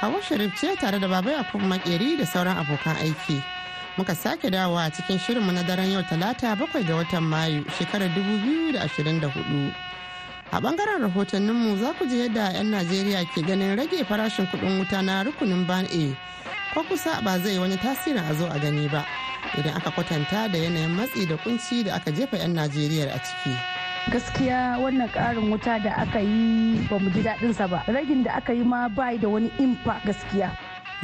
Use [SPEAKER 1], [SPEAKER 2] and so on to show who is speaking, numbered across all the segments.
[SPEAKER 1] Hawa Sharif ce tare da Baba Yakubu Makeri da sauran abokan aiki. Muka sake dawowa a cikin shirinmu na daren yau talata bakwai ga watan Mayu shekarar 2024. A bangaren rahotanninmu za ku ji yadda 'yan Najeriya ke ganin rage farashin kuɗin wuta na rukunin ban A ko kusa ba zai wani tasirin a zo a gani ba idan aka kwatanta da yanayin matsi da kunci da aka jefa 'yan Najeriya a ciki.
[SPEAKER 2] gaskiya wannan karin wuta da aka yi ba mu ji sa ba ragin da aka yi ma bai da wani impa gaskiya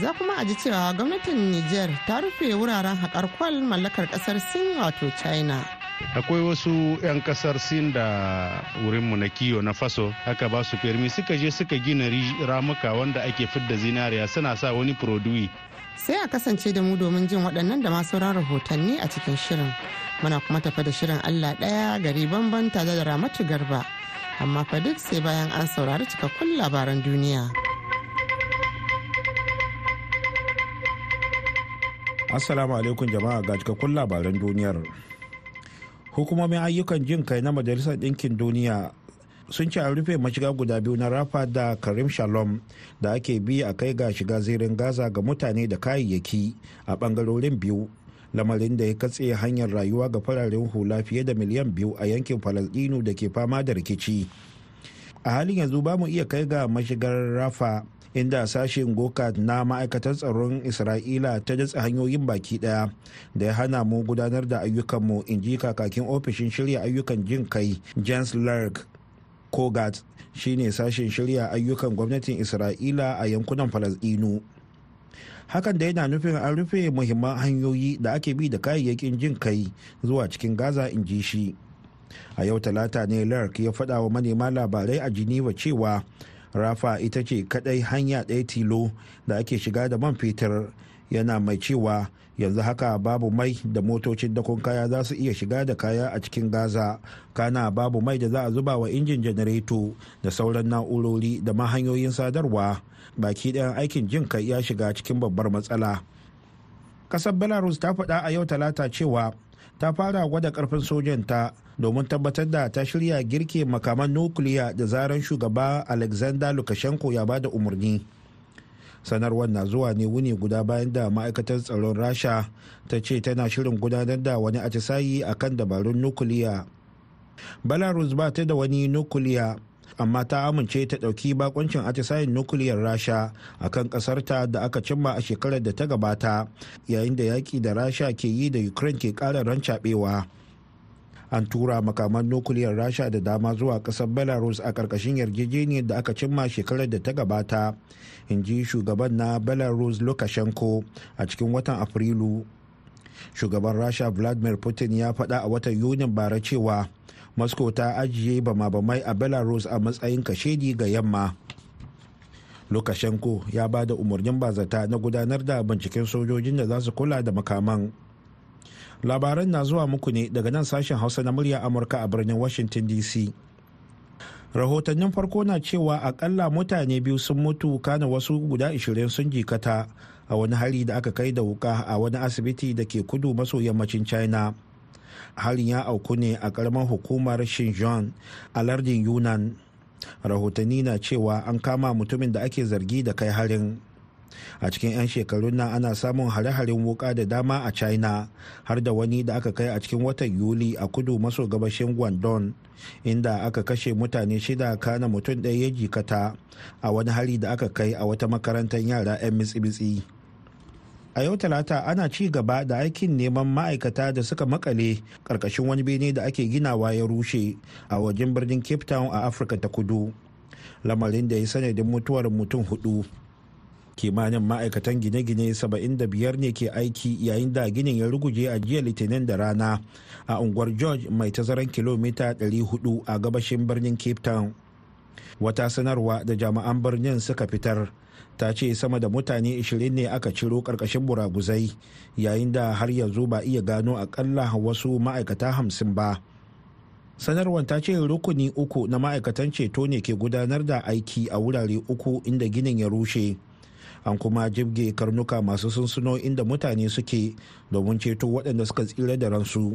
[SPEAKER 2] za kuma a ji cewa gwamnatin niger ta rufe
[SPEAKER 1] wuraren haƙar kwal mallakar ƙasar sin wato china
[SPEAKER 3] akwai wasu 'yan kasar sin da wurinmu na kiyo na faso aka ba su firmi suka je suka gina ramuka wanda ake fidda zinariya suna sa wani produi
[SPEAKER 1] sai a kasance da mu domin jin waɗannan da masu sauran rahotanni a cikin shirin muna kuma tafa da shirin allah ɗaya gari bamban tare da ramatu garba amma fa duk sai bayan an saurari cikakkun labaran duniya
[SPEAKER 4] assalamu alaikum jama'a ga cikakkun labaran duniyar hukumomin ayyukan jin kai na majalisar ɗinkin duniya sun ci an rufe mashiga guda biyu na rafa da karim shalom da ake bi a kai ga shiga zirin gaza ga mutane da kayayyaki a bangarorin biyu lamarin da ya katse hanyar rayuwa ga fararen hula fiye da miliyan biyu a yankin falasdino da ke fama da rikici a halin yanzu ba mu iya kai ga mashigar rafa inda sashen goka na ma'aikatar tsaron isra'ila ta datsa hanyoyin baki daya da ya hana mu gudanar da ayyukanmu in ji kakakin ofishin shirya ayyukan jin kai james lark kogat shine sashen shirya ayyukan gwamnatin isra'ila a yankunan falasdinu hakan da yana nufin an rufe muhimman hanyoyi da ake bi da kayayyakin jin kai zuwa cikin gaza in ji shi a yau talata ne lark ya faɗa wa manema labarai a geneva cewa rafa ita ce kadai hanya ɗaya tilo da ake shiga da man fetur yana mai cewa yanzu haka babu mai da motocin dakon kaya za su iya shiga da kaya a cikin gaza kana babu mai da za a zuba wa injin janareto da sauran na'urori da mahanyoyin sadarwa baki ɗayan aikin jin kai ya shiga cikin babbar matsala ƙasar belarus ta faɗa a yau talata cewa ta fara gwada karfin sojanta domin tabbatar da ta shirya girke makaman nukiliya da zaran shugaba alexander lukashenko ya bada umarni sanarwar na zuwa ne wuni guda bayan da ma'aikatar tsaron rasha ta ce tana shirin gudanar da wani atisayi a kan dabarun nukuliya belarus ba ta da wani nukuliya amma ta amince ta ɗauki bakoncin atisayin nukuliyar rasha a kan ƙasarta da aka cimma a shekarar da ta gabata yayin da yaƙi da rasha ke yi da ukraine ke ƙara rancaɓewa an tura makaman nukuliyar rasha da dama zuwa kasar belarus a karkashin yarjejeniyar da aka cimma shekarar da ta gabata in ji shugaban na belarus lukashenko a cikin watan afrilu shugaban rasha vladimir putin ya faɗa a watan yunin bara cewa moscow ta ajiye bama-bamai a belarus a matsayin kashedi ga yamma lukashenko ya ba da umarnin bazata na gudanar da binciken sojojin da za su kula da makaman labaran na zuwa muku ne daga nan sashen hausa na murya amurka a birnin washington dc rahotannin farko na cewa akalla mutane biyu sun mutu kana wasu guda 20 sun jikata a wani hari da aka kai da wuka a wani asibiti da ke kudu maso yammacin china harin ya auku ne a karamar hukumar xinjiang a lardin yunan rahotanni na cewa an kama mutumin da ake zargi da kai harin a cikin 'yan shekarun nan ana samun hare-haren wuka da dama a china har da wani da aka kai a cikin watan yuli a kudu maso gabashin guangdong inda aka kashe mutane shida kana mutum ɗaya ya jikata a wani hari da aka kai a wata makarantar yara 'yan mitsi-mitsi a yau talata ana ci gaba da aikin neman ma'aikata da suka makale karkashin wani bene da ake ginawa ya rushe a wajen birnin cape town a afirka ta kudu lamarin da ya sanadin mutuwar mutum hudu kimanin ma'aikatan gine-gine 75 ne ke aiki yayin da ginin ya ruguje a jiya litinin da rana a unguwar george mai tazaran kilomita 400 a gabashin birnin cape town wata sanarwa da jami'an birnin suka fitar ta ce sama da mutane 20 ne aka ciro karkashin buraguzai yayin da har yanzu ba iya gano akalla wasu ma'aikata hamsin ba sanarwar ta ce rukuni uku na ma'aikatan ceto ne ke gudanar da aiki a wurare uku inda ginin ya rushe an kuma jibge karnuka masu sunsuno inda mutane suke domin ceto waɗanda suka tsira da ransu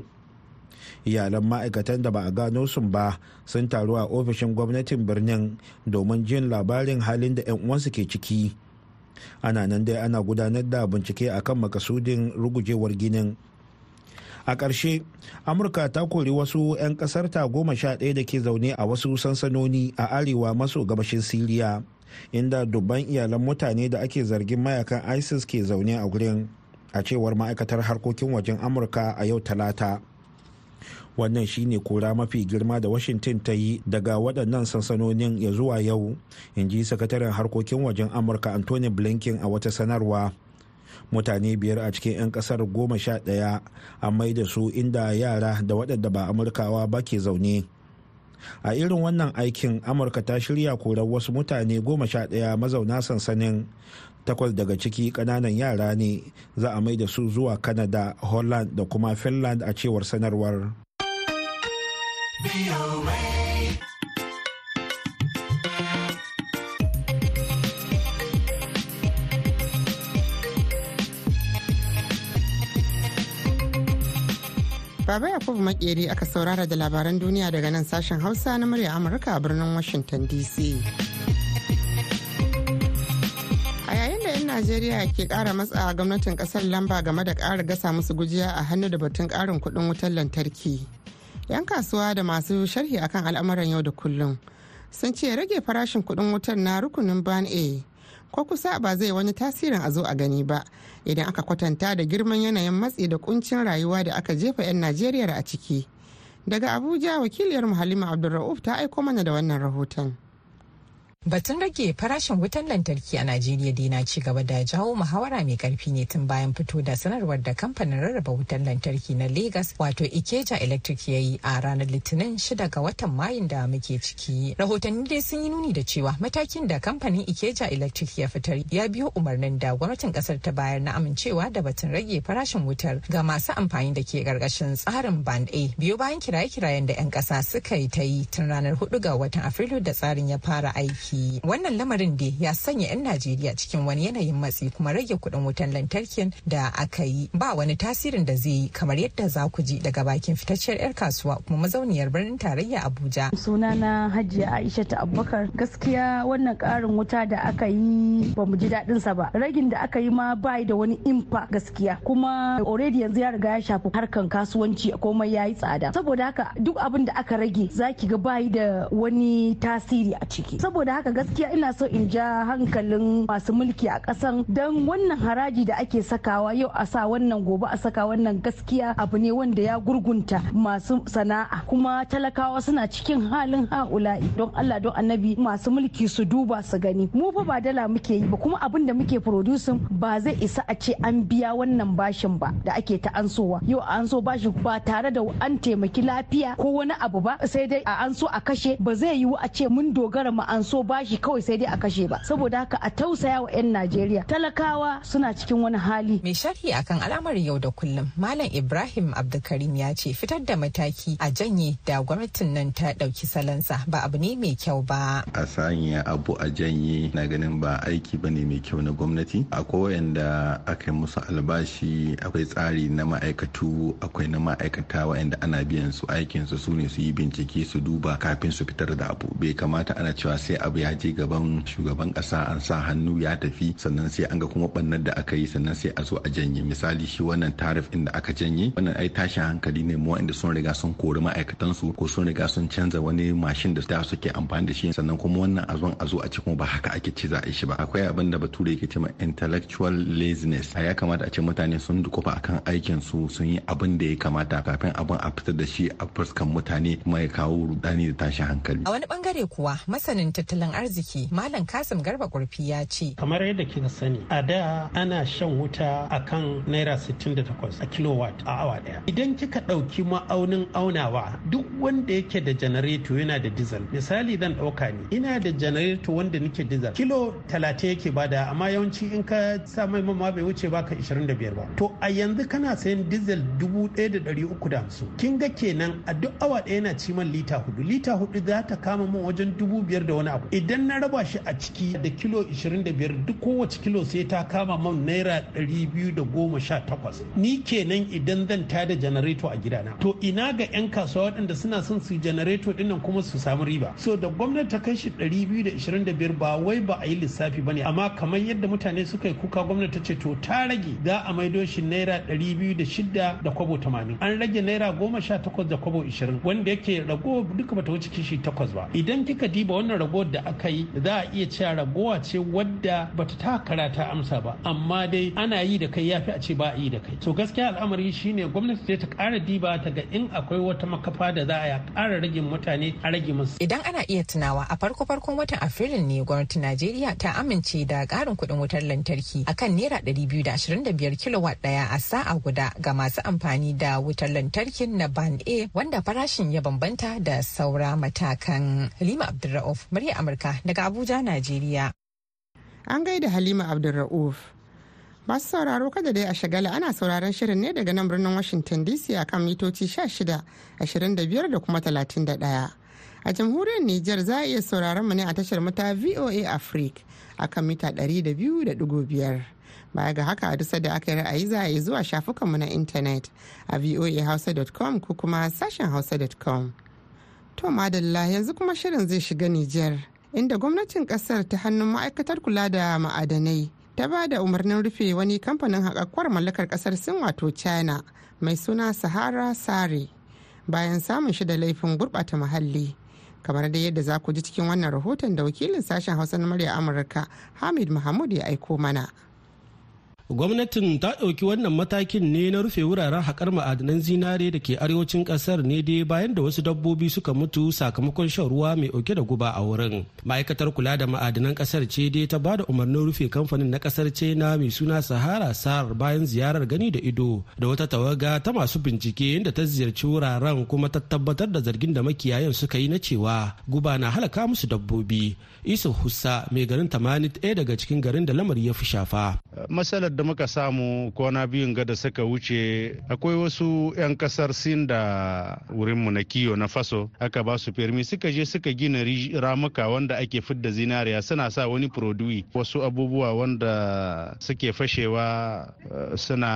[SPEAKER 4] iyalan ma'aikatan da ba a gano sun ba sun taru a ofishin gwamnatin birnin domin jin labarin halin da 'yan uwansu ke ciki ana nan dai ana gudanar da bincike akan makasudin rugujewar ginin a ƙarshe amurka ta kori wasu 'yan ƙasar goma sha ɗaya da ke zaune a wasu sansanoni a arewa maso gabashin siriya inda dubban iyalan mutane da ake zargin mayakan isis ke zaune a gurin a cewar ma'aikatar harkokin wajen amurka a yau talata wannan shine kura mafi girma da washington ta yi daga waɗannan sansanonin ya zuwa yau in ji sakataren harkokin wajen amurka anthony blinken a wata sanarwa mutane biyar a cikin 'yan kasar goma sha ɗaya a mai da su inda yara da waɗanda ba amurkawa ba ke zaune a irin wannan aikin amurka ta shirya korar wasu mutane goma sha ɗaya mazauna sansanin takwas daga ciki ƙananan yara ne za a mai da su zuwa canada holland da kuma finland a cewar sanarwar.
[SPEAKER 1] Baba Yakubu Makeri aka saurara da labaran duniya daga nan sashen Hausa na murya Amurka a birnin Washington DC. A yayin da 'yan Najeriya ke kara matsa gwamnatin kasar lamba game da kara gasa musu gujiya a hannu da batun ƙarin kuɗin wutar lantarki. 'Yan kasuwa da masu sharhi akan al'amuran yau da kullum sun ce rage farashin kuɗin wutar na rukunin ban A ko kusa ba zai wani tasirin a zo a gani ba idan aka kwatanta da girman yanayin matsi da kuncin rayuwa da aka jefa 'yan najeriya a ciki daga abuja wakiliyar
[SPEAKER 5] halima abdulra'uf ta aiko mana da wannan rahoton Batun rage farashin wutan lantarki a Najeriya dai na ci gaba da jawo muhawara mai karfi ne tun bayan fito da sanarwar da kamfanin rarraba wutan lantarki na Lagos wato Ikeja Electric ya yi a ranar Litinin 6 ga watan Mayun da muke ciki. Rahotanni dai sun yi nuni da cewa matakin da kamfanin Ikeja Electric ya fitar ya biyo umarnin da gwamnatin kasar ta bayar na amincewa da batun rage farashin wutar ga masu amfani da ke karkashin tsarin band A biyo bayan kiraye-kirayen da 'yan kasa suka yi ta yi tun ranar 4 ga watan Afrilu da tsarin ya fara aiki. lantarki wannan lamarin dai ya sanya 'yan najeriya cikin wani yanayin matsi kuma rage kuɗin wutan lantarkin da aka yi ba wani tasirin da zai yi kamar yadda za ku ji daga bakin fitacciyar 'yar kasuwa kuma mazauniyar birnin tarayya abuja sunana hajiya
[SPEAKER 2] aisha ta abubakar gaskiya wannan ƙarin wuta da aka yi ba mu ji daɗin sa ba ragin da aka yi ma bai da wani impa gaskiya kuma already yanzu ya riga ya shafi harkan kasuwanci komai ya yi tsada saboda haka duk abin da aka rage zaki ga bai da wani tasiri a ciki saboda haka gaskiya ina so in ja hankalin masu mulki a kasan don wannan haraji da ake sakawa yau a sa wannan gobe a saka wannan gaskiya abu ne wanda ya gurgunta masu sana'a kuma talakawa suna cikin halin ha'ula'i don Allah don annabi masu mulki su duba su gani mu fa ba dala muke yi ba kuma abin da muke producing ba zai isa a ce an biya wannan bashin ba da ake ta ansowa yau an so bashin ba tare da an taimaki lafiya ko wani abu ba sai dai a an so a kashe ba zai yiwu a ce mun dogara mu an so bashi kawai sai dai a kashe ba saboda haka
[SPEAKER 5] a tausaya wa 'yan najeriya talakawa suna cikin wani hali mai sharhi akan alamar yau da kullum malam ibrahim abdulkarim ya ce fitar da mataki a janye da gwamnatin nan ta ɗauki salansa ba abu ne mai kyau ba
[SPEAKER 6] a sanya abu a janye na ganin ba aiki ba ne mai kyau na gwamnati akwai wayanda aka yi musu albashi akwai tsari na ma'aikatu akwai na ma'aikata wayanda ana biyan su aikinsu su ne su yi bincike su duba kafin su fitar da abu bai kamata ana cewa sai abu ya je gaban shugaban kasa an sa hannu ya tafi sannan sai an ga kuma bannar da aka yi sannan sai a zo a janye misali shi wannan tarif din da aka janye wannan ai tashin hankali ne mu inda sun riga sun kori ma'aikatan su ko sun riga sun canza wani mashin da su suke amfani da shi sannan kuma wannan a zon a zo a ci kuma ba haka ake ci za a shi ba akwai abin da bature yake cewa intellectual laziness a ya kamata a ce mutane sun dukufa akan aikin su sun yi abin da ya kamata kafin abin a fitar da shi a fuskan mutane kuma ya kawo rudani da tashin hankali a
[SPEAKER 5] wani bangare kuwa masanin tattalin arziki Malam Kasim Garba Kurfi ya ce. Kamar yadda kika sani a da ana shan wuta a kan naira 68
[SPEAKER 7] a kilowatt a awa daya. Idan kika ɗauki ma'aunin aunawa duk wanda yake da janareto yana da dizal. Misali zan ɗauka ni ina da janareto wanda nake dizal kilo 30 yake bada amma yawanci in ka sa mai bai wuce baka 25 ba. To a yanzu kana sayan diesel 1,350. Kin ga kenan a duk awa ɗaya yana ciman lita hudu lita hudu za ta kama mun wajen dubu biyar da wani abu idan na raba shi a ciki da kilo 25 duk kowace kilo sai ta kama man naira 218 ni kenan idan zan da janareto a gidana to ina ga 'yan kasuwa waɗanda suna son su janareto dinnan kuma su samu riba so da gwamnati ta kai shi 225 ba wai ba a yi lissafi ba ne. amma kamar yadda mutane suka yi kuka gwamnati ta ce to ta rage za a maido shi naira 206 da kwabo 80 an rage naira 18 da kwabo 20 wanda yake rago duka bata wuce kishi 8 ba idan kika diba wannan rago da da aka yi za a iya cewa ragowa ce wadda bata ta karata amsa ba amma dai ana yi da kai yafi a ce ba a yi da kai to gaskiya al'amari shine gwamnati ta kara diba ta ga in akwai wata makafa da za a ƙara rage mutane
[SPEAKER 5] a rage musu idan ana iya tunawa a farko farkon watan afrilun ne gwamnatin najeriya ta amince da karin kudin wutar lantarki akan naira 225 kw daya a sa'a guda ga masu amfani da wutar lantarkin na ban a wanda farashin ya bambanta da saura matakan halima abdulra'uf murya Amurka daga Abuja, Najeriya.
[SPEAKER 1] An gaida Halima Abdulra'uf. Masu sauraro kada dai a shagala ana sauraron shirin ne daga nan birnin Washington DC a kan mitoci 16, 25 da kuma 31. A jamhuriyar Nijar za a iya sauraron mu ne a tashar mata VOA Africa a kan mita 200.5. Baya ga haka a dusa da aka yi ra'ayi za a yi zuwa shafukanmu na intanet a voahausa.com ko kuma sashen hausa.com. To madalla yanzu kuma shirin zai shiga Nijar. inda gwamnatin kasar ta hannun ma'aikatar kula da ma'adanai ta ba da umarnin rufe wani kamfanin haƙaƙƙwar mallakar kasar sin wato china mai suna sahara sare bayan samun shi da laifin gurɓata muhalli kamar da yadda za ku ji cikin wannan rahoton da wakilin sashen hausa na murya amurka hamid mahmud ya aiko mana.
[SPEAKER 8] gwamnatin ta ɗauki wannan matakin ne na rufe wuraren haƙar ma'adanan zinare da ke arewacin ƙasar ne dai bayan da wasu dabbobi suka mutu sakamakon shan ruwa mai ɗauke da guba a wurin ma'aikatar kula da ma'adanan ƙasar ce dai ta ba da umarnin rufe kamfanin na ƙasar china mai suna sahara sar bayan ziyarar gani da ido da wata tawaga ta masu bincike inda ta ziyarci wuraren kuma ta tabbatar da zargin da makiyayan suka yi na cewa guba na halaka musu dabbobi isa hussa mai garin tamanit ɗaya daga cikin garin da lamari ya fi shafa
[SPEAKER 3] da muka samu kwana biyun ga da suka wuce akwai wasu 'yan kasar sin da wurinmu na kiyo na faso aka ba su firmi suka je suka gina ramuka wanda ake fidda zinariya suna sa wani produi wasu abubuwa wanda suke fashewa eh, suna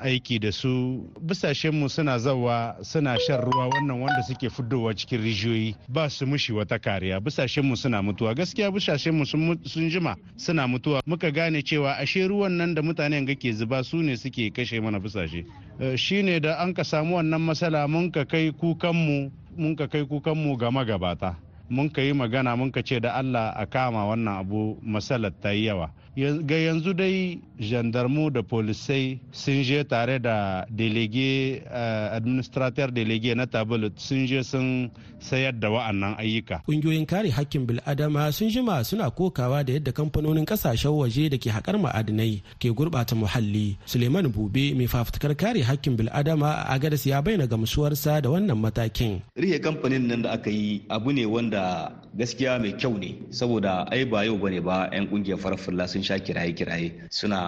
[SPEAKER 3] aiki da su bisashenmu suna zawa suna shan ruwa wannan wanda suke fiddowa cikin rijiyoyi ba su mushi wata kariya bisashenmu suna mutuwa gaskiya bisashenmu sun jima suna mutuwa muka gane cewa ashe ruwan nan da mutane ga ke zuba su ne suke kashe mana fusashe eh, ne da an ka samu wannan matsala mun ka kai kukanmu mun ka kai kukanmu ga magabata mun ka yi magana mun ka ce da allah a kama wannan abu matsalar ta yi yawa ga yanzu dai gendarmu da polisai sun je tare da delege eh, administrator delege na tablet sun je sun sayar da wa'annan ayyuka
[SPEAKER 8] ƙungiyoyin kare hakkin bil'adama sun jima suna kokawa da yadda kamfanonin kasashen waje da ke haƙar ma'adinai ke gurɓata muhalli suleiman bube mai fafutukar kare hakkin bil'adama a agadas ya bayyana gamsuwarsa da wannan matakin
[SPEAKER 9] rike kamfanin nan da aka yi abu ne wanda gaskiya mai kyau ne saboda ai ba yau bane ba 'yan ƙungiyar farfalla sun sha kiraye-kiraye suna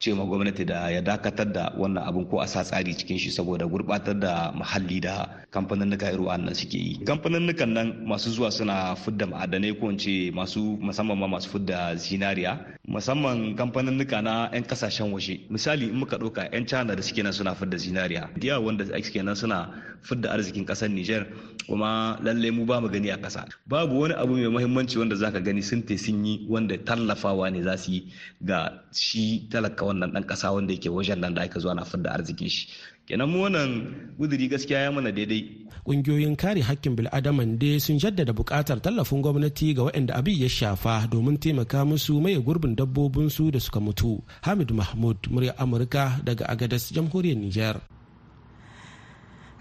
[SPEAKER 9] ce ma gwamnati da ya dakatar da wannan abin ko a sa tsari cikin shi saboda gurbatar da muhalli da kamfanin irin nan suke yi kamfanin nan masu zuwa suna fudda ma'adanai ko ce masu musamman ma masu fudda zinariya musamman kamfanin na 'yan kasashen waje misali in muka ɗauka 'yan china da suke nan suna fudda zinariya diya wanda suke nan suna fudda arzikin ƙasar niger kuma lalle mu ba mu gani a ƙasa babu wani abu mai muhimmanci wanda zaka gani sun te sun yi wanda tallafawa ne za su tallafi ga shi talaka wannan dan kasa wanda yake wajen nan da aka zuwa na fidda arzikin shi kenan mu wannan guduri gaskiya ya mana daidai
[SPEAKER 8] kungiyoyin kare hakkin bil'adaman dai sun jaddada buƙatar tallafin gwamnati ga waɗanda abin ya shafa domin taimaka musu maye gurbin dabbobin su da suka mutu hamid mahmud murya amurka daga agadas jamhuriyar niger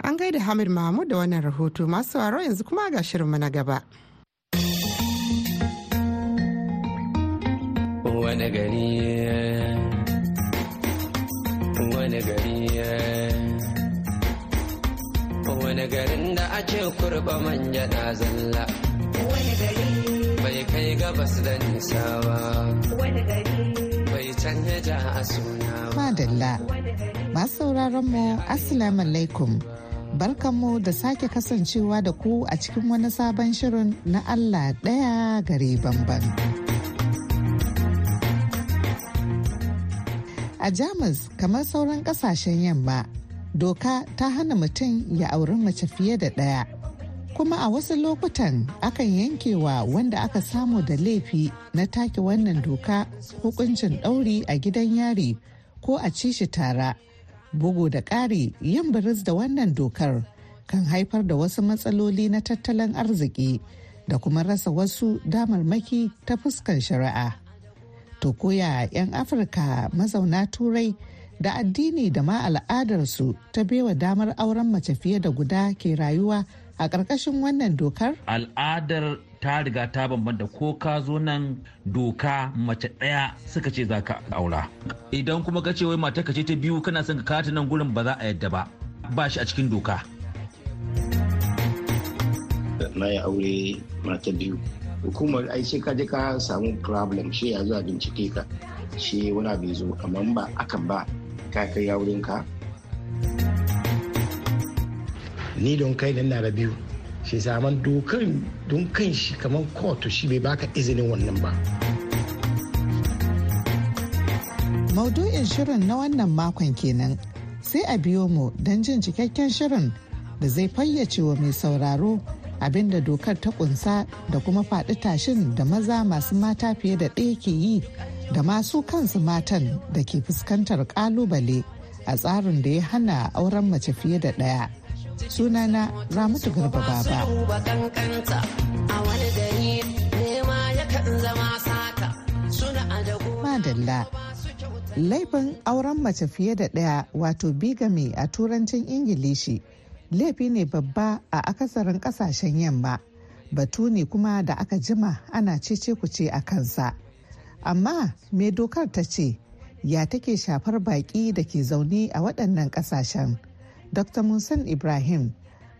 [SPEAKER 1] an gaida hamid mahmud da wannan rahoto masu yanzu kuma ga shirinmu na gaba
[SPEAKER 10] wani gari wani gari wani garin da a ce kurba manja na zalla wani gari bai kai gabas da nisa ba wani gari bai canja ja a suna ba madalla
[SPEAKER 11] masu sauraron mu assalamu alaikum barkanmu da sake kasancewa da ku a cikin wani sabon shirin na Allah ɗaya gari bamban. a jamus kamar sauran kasashen yamma doka ta hana mutum ya auri mace fiye da ɗaya kuma a wasu lokutan akan yankewa wanda aka samu da laifi na take wannan doka hukuncin ɗauri a gidan yari ko a ci shi tara bugu da ƙari yin biris da wannan dokar kan haifar da wasu matsaloli na tattalin arziki da kuma rasa wasu damarmaki ta fuskan shari'a. to koya 'yan afirka mazauna turai da addini da ma al'adarsu ta bewa damar auren mace fiye da guda ke rayuwa a ƙarƙashin wannan dokar?
[SPEAKER 9] Al'adar ta riga ta bambanta ko ka zo nan doka mace ɗaya suka ce za ka aura. Idan kuma ka ce wai mata ka ce ta biyu kana son ka kata nan gurin ba za a yadda ba. Ba shi a cikin doka.
[SPEAKER 4] Na yi aure mata biyu hukumar ai sai ka je ka samu problem shi ya zuwa bincike ka shi wani abu zo amma ba akan ba ka kai ya wurin ka
[SPEAKER 8] ni don kai nan na biyu shi saman dokan don kan shi kamar kotu shi bai baka izinin wannan ba
[SPEAKER 11] maudu'in shirin na wannan makon kenan sai a biyo mu don jin cikakken shirin da zai fayyace wa mai sauraro abinda dokar ta kunsa da kuma faɗi tashin da maza masu mata fiye da ɗaya ke yi da masu kansu matan da ke fuskantar ƙalubale a tsarin da ya hana auren mace fiye da ɗaya. Sunana Ramatu Garba Baba. Madalla. Laifin auren mace fiye da ɗaya wato bigami a turancin Ingilishi laifi ne babba a akasarin kasashen yamma batu ne kuma da aka jima ana cece kuce a kansa amma me dokar ta ce ya take shafar baƙi da ke zaune a waɗannan ƙasashen dr musan ibrahim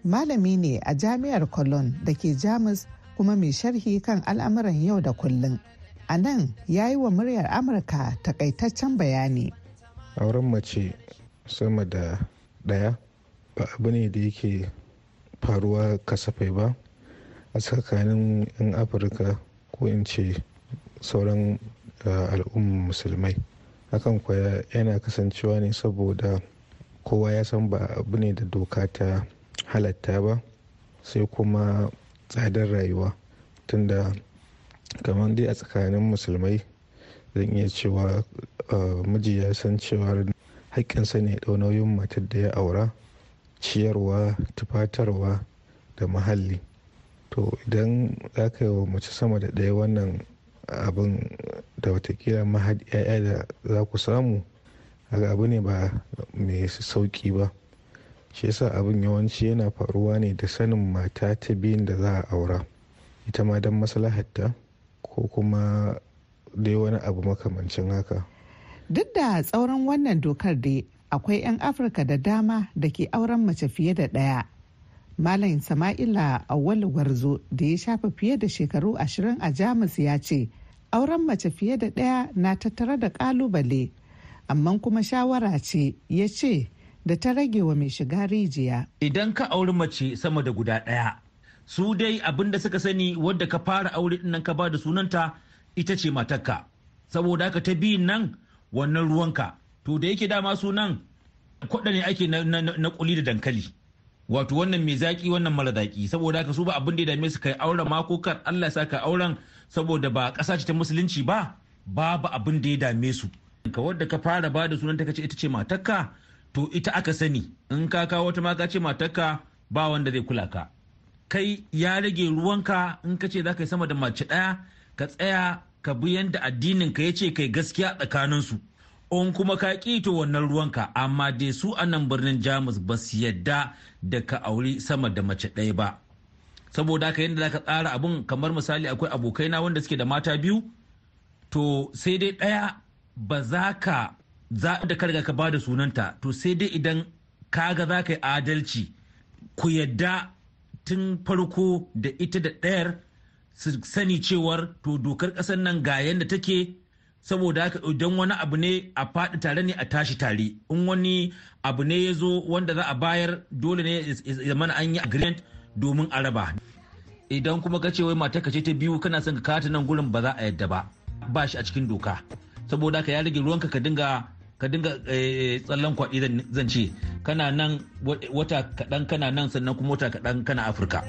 [SPEAKER 11] malami ne a jami'ar cologne da ke jamus kuma mai sharhi kan al'amuran yau da kullum a nan ya yi wa muryar amurka takaitaccen bayani
[SPEAKER 6] auren mace sama da ɗaya ba abu ne da yake faruwa kasafai ba a tsakanin 'yan afirka ko in ce sauran eh, al'ummar musulmai hakan kwaya yana kasancewa ne saboda kowa ya san ba abu ne da doka ta halatta ba sai kuma tsadar rayuwa tunda kamar dai a tsakanin musulmai zan iya cewa eh, miji ya san cewar haƙƙinsa ne ɗau nauyin matar da ya aura ciyarwa tufatarwa da muhalli to idan za ka yi wa mace sama da ɗaya wannan abin da watakila mahad 'ya'ya da za ku samu abu ne ba mai sauƙi ba shi yasa abin yawanci yana faruwa ne da sanin mata ta biyun da za a aura ita ma don maslahatta ko kuma dai wani abu makamancin haka
[SPEAKER 11] duk da tsauran wannan dokar dai akwai 'yan afirka da dama da ke auren mace fiye da ɗaya malam sama'ila awal warzo da ya shafa fiye da shekaru ashirin a jamus ya ce auren mace fiye da ɗaya na tattare da ƙalubale amma kuma shawara ce ya ce da ta rage wa mai shiga rijiya
[SPEAKER 9] idan ka auri mace sama da guda ɗaya su dai abin da suka sani wadda ka fara aure nan ka ba da sunanta ita ce matarka saboda haka ta biyun nan wannan ruwanka to da yake dama sunan kwaɗa ne ake na kuli da dankali wato wannan mai zaki wannan mara zaki saboda haka su ba abin da ya dame su kai auren mako kar Allah ya saka auren saboda ba ƙasa ce ta musulunci ba babu abin da ya dame su ka wadda ka fara ba da sunan ta kace ita ce matarka to ita aka sani in ka kawo wata ma ka ce matarka ba wanda zai kula ka kai ya rage ruwanka in ka ce za ka yi sama da mace ɗaya ka tsaya ka bi yadda addinin ka ya ce kai gaskiya tsakanin su in kuma ka to wannan ruwanka amma dai su a nan birnin jamus ba su yadda da ka auri sama da mace ɗaya ba saboda haka yadda zaka tsara abun kamar misali akwai abokai na wanda suke da mata biyu to sai dai ɗaya ba za ka za da karga ka bada sunanta to sai dai idan kaga za ka yi adalci ku yadda tun farko da ita da ɗayar su sani cewar to dokar ƙasar nan ga yadda take saboda haka idan wani abu ne a faɗi tare ne a tashi tare in wani abu ne ya zo wanda za a bayar dole ne ya mana an yi agreement domin a raba idan kuma ka ce wai mata ka ce ta biyu kana son ka kata nan gurin ba za a yadda ba ba shi a cikin doka saboda haka ya rage ruwanka ka dinga ka dinga eh, tsallan kwaɗi zan ce kana nan wata kaɗan kana nan sannan kuma wata kaɗan kana afirka.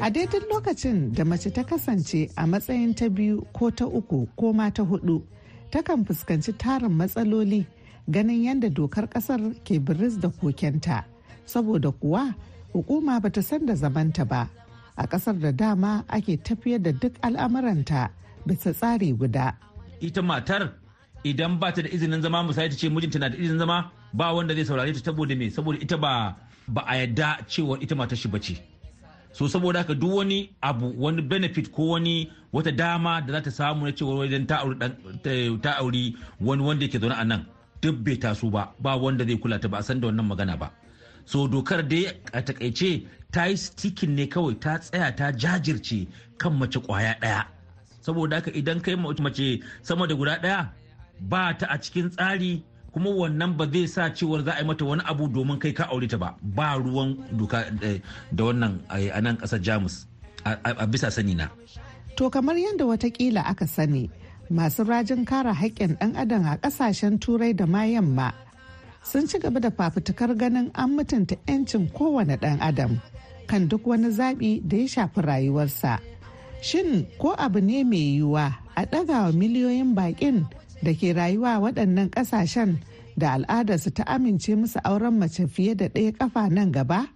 [SPEAKER 11] A daidai lokacin da mace ta kasance a matsayin ta biyu ko ta uku ko ma ta hudu, takan fuskanci tarin matsaloli ganin yadda dokar kasar ke biris da kokenta. Saboda kuwa hukuma ba ta san da zamanta ba, a kasar da dama ake tafiyar da duk al'amuranta bisa tsari guda.
[SPEAKER 9] Ita matar idan ba ta da izinin zama misali ta ce mijinta na da izinin zama ba wanda zai saurare ta saboda me saboda ita ba ba a yadda cewa ita matar shi bace. so saboda haka duk wani abu wani benefit ko wani wata dama da za ta samu na cewa wajen ta auri wani wanda yake zaune a nan duk bai taso ba ba wanda zai kula ta ba a san da wannan magana ba so dokar dai a takaice ta yi stikin ne kawai ta tsaya ta jajirce kan mace kwaya daya saboda haka idan kai mace sama da guda daya ba ta a cikin tsari kuma wannan ba zai sa cewar za a yi mata wani abu domin kai ka aure ta ba ba ruwan doka eh, da wannan eh, a nan kasar jamus a bisa sani na
[SPEAKER 11] to kamar yadda watakila aka sani masu rajin kare haƙƙin ɗan adam a ƙasashen turai da ma yamma sun ci gaba da fafutukar ganin an mutunta 'yancin kowane ɗan adam kan duk wani zaɓi da ya shafi rayuwarsa shin ko abu ne mai yiwuwa a ɗaga wa miliyoyin baƙin da ke rayuwa waɗannan ƙasashen da al'adarsu ta amince musu auren mace fiye da ɗaya ƙafa nan gaba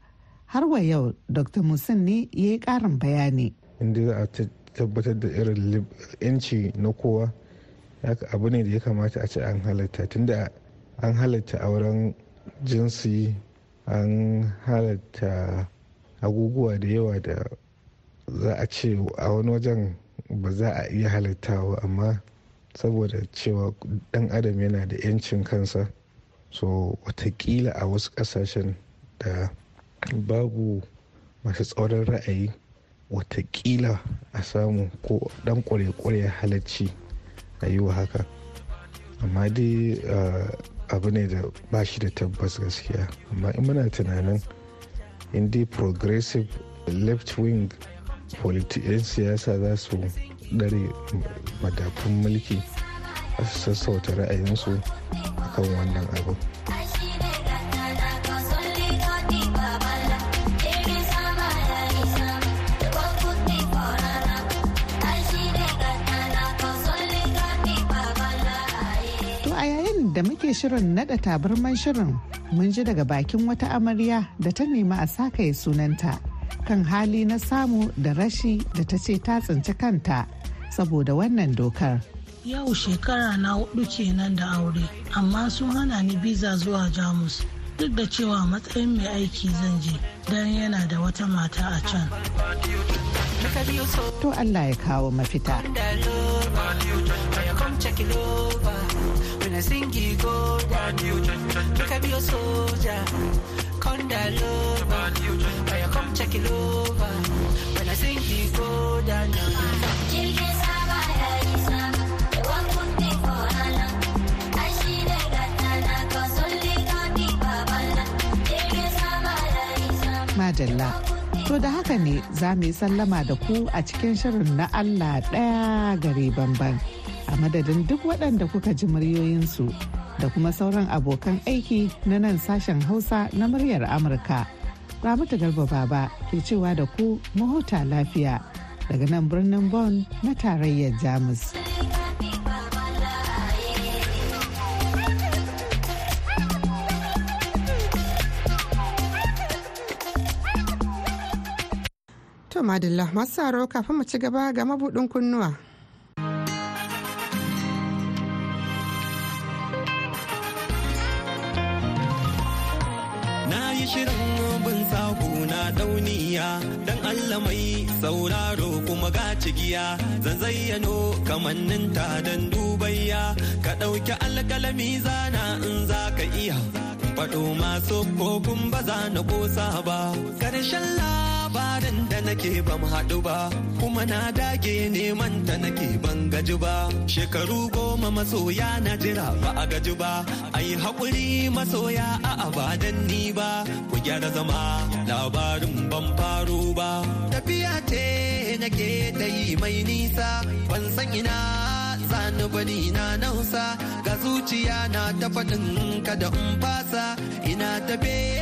[SPEAKER 11] har wa yau dr musin ne ya yi ƙarin
[SPEAKER 6] bayani inda za a tabbatar da irin yanci na kowa abu ne da ya kamata a ce an halatta tunda an halatta auren jinsi an halatta aguguwa da yawa da za a ce a wani wajen ba za a iya halittawa amma saboda cewa dan adam yana da 'yancin kansa so watakila a wasu kasashen da babu masu tsoron ra'ayi watakila a samu ko dan kware-kware halarci a yi wa haka amma dai abu ne da ba shi da tabbas gaskiya amma in muna tunanin indi progressive left wing 'yan siyasa za su dare madafun mulki a sassauta ra'ayinsu To wannan abu
[SPEAKER 11] da muke shirin nada tabarman shirin mun ji daga bakin wata amarya da ta nemi a sakaye sunanta kan hali na samu da rashi da ta ce ta tsinci kanta saboda wannan dokar.
[SPEAKER 2] Yau shekara na hudu kenan da aure, amma sun hana ni biza zuwa Jamus duk da cewa matsayin mai aiki zan je don yana da wata mata a can.
[SPEAKER 11] To Allah ya kawo mafita.
[SPEAKER 2] Come
[SPEAKER 10] check it over when I sing you go down.
[SPEAKER 11] Madalla. To da haka ne za mu yi sallama da ku a cikin shirin na Allah ɗaya gari banban A madadin duk waɗanda kuka ji muryoyinsu da kuma sauran abokan aiki na nan sashen Hausa na muryar Amurka. Ramatu Garba Baba ke cewa da ku mahuta lafiya daga nan birnin Bonn na tarayyar Jamus.
[SPEAKER 1] barka madalla masu saro kafin mu ci gaba ga mabudin kunnuwa.
[SPEAKER 5] Na yi shirin
[SPEAKER 10] robin sako na dauniya dan Allah mai sauraro kuma ga cigiya zan zayyano kamanninta don dubayya ka ɗauki alƙalami zana in za ka iya faɗo masu kokun ba za na ƙosa ba ƙarshen la labarin da nake ban haɗu ba kuma na dage neman ta nake ban gaji ba shekaru goma masoya na jira ba a gaji ba ai haƙuri masoya a abadan ni ba ku gyara zama labarin ban faru ba tafiya ce nake ta yi mai nisa ban san ina zanu bani na nausa ga zuciya na ta faɗin kada in fasa ina tafiya.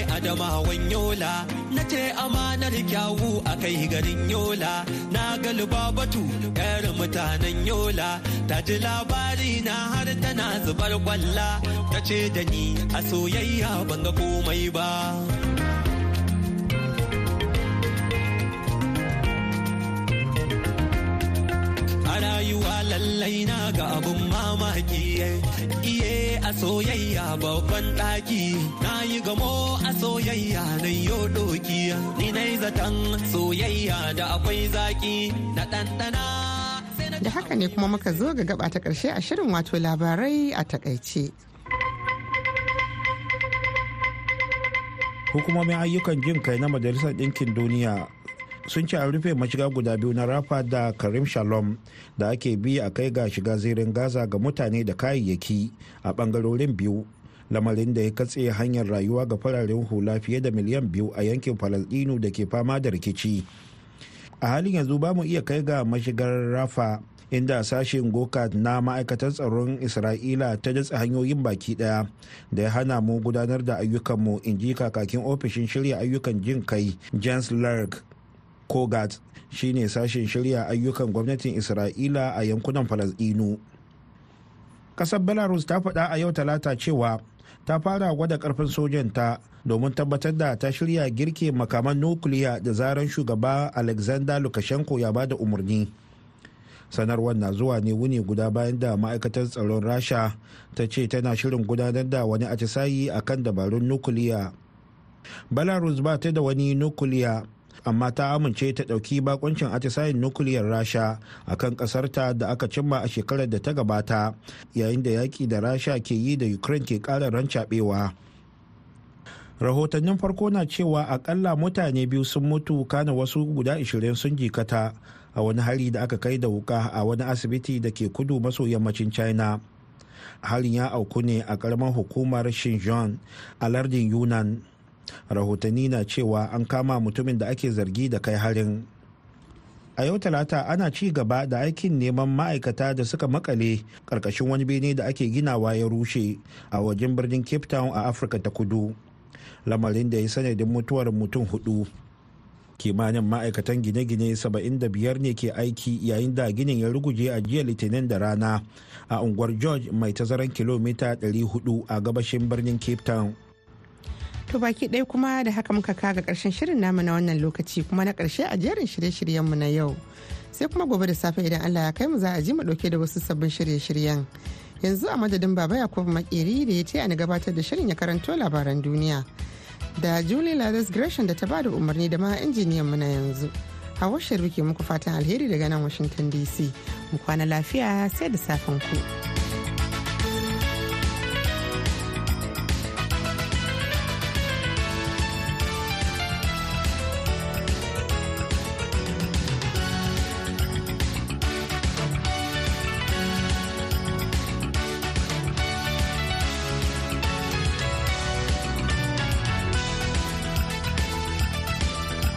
[SPEAKER 10] adamawan yola na ce amanar kyawu a kai garin yola na ga lubabatu yar mutanen yola ta ji labari na har tana zubar kwalla ta ce da ni a soyayya ban ga komai ba a rayuwa lallai na ga abun mamaki eh. iye soyayya babban ɗaki na yi gamo a soyayya na yo doki ni na yi zaton soyayya da akwai zaki na ɗanɗana
[SPEAKER 1] da haka ne kuma muka zo ga gaba ta ƙarshe a shirin wato labarai a takaice
[SPEAKER 4] hukumomin ayyukan jin kai na majalisar ɗinkin duniya sun ce an rufe mashiga guda biyu na rafa da karim shalom da ake bi a kai ga shiga zirin gaza ga mutane da kayayyaki a bangarorin biyu lamarin da ya katse hanyar rayuwa ga fararen hula fiye da miliyan biyu a yankin falasdino da ke fama da rikici a halin yanzu ba mu iya kai ga mashigar rafa inda sashen gokat na ma'aikatar tsaron isra'ila ta datsa hanyoyin baki daya da ya hana mu gudanar da ayyukanmu in ji kakakin ofishin shirya ayyukan jin kai james lark kogat shine sashen shirya ayyukan gwamnatin isra'ila a yankunan falasɗinu kasar belarus ta faɗa a yau talata cewa ta fara gwada karfin sojanta domin tabbatar da ta shirya girke makaman nukiliya da zaran shugaba alexander lukashenko ya bada umarni sanarwar na zuwa ne wuni guda bayan da ma'aikatar tsaron rasha ta ce tana shirin gudanar da wani atisayi akan dabarun nukiliya belarus ba ta da wani nukiliya amma ta amince ta ɗauki bakoncin atisayin nukuliyar rasha a kan ƙasarta da aka cimma a shekarar da ta gabata yayin da yaƙi da rasha ke yi da ukraine ke ƙara rancaɓewa rahotannin farko na cewa akalla mutane biyu sun mutu kana wasu guda 20 sun jikata a wani hari da aka kai da wuka a wani asibiti da ke kudu maso yammacin china harin ya auku ne a karamar hukumar shenzhen a lardin yunan rahotanni na cewa an kama mutumin da ake zargi da kai harin a yau talata ana ci gaba da aikin neman ma'aikata da suka makale karkashin wani bene da ake ginawa ya rushe a wajen birnin cape town a afirka ta kudu lamarin da ya sanadin mutuwar mutum hudu kimanin ma'aikatan gine-gine 75 ne ke aiki yayin da ginin ya ruguje a jiya litinin da rana a unguwar george mai tazaran kilomita 400 a gabashin birnin cape town
[SPEAKER 1] To baki ɗaya kuma da haka muka kaga ƙarshen shirin namu na wannan lokaci kuma na ƙarshe a jerin shirye-shiryenmu na yau. Sai kuma gobe da safe idan Allah ya kai mu za a ji mu ɗauke da wasu sabbin shirye-shiryen. Yanzu a madadin Baba Yakubu Makeri da ya ce na gabatar da shirin ya karanto labaran duniya. Da Julie Ladas Gresham da ta ba da umarni da ma injiniyan mu na yanzu. Hawa Sharif ke muku fatan alheri daga nan Washington DC. Mu kwana lafiya sai da safen ku.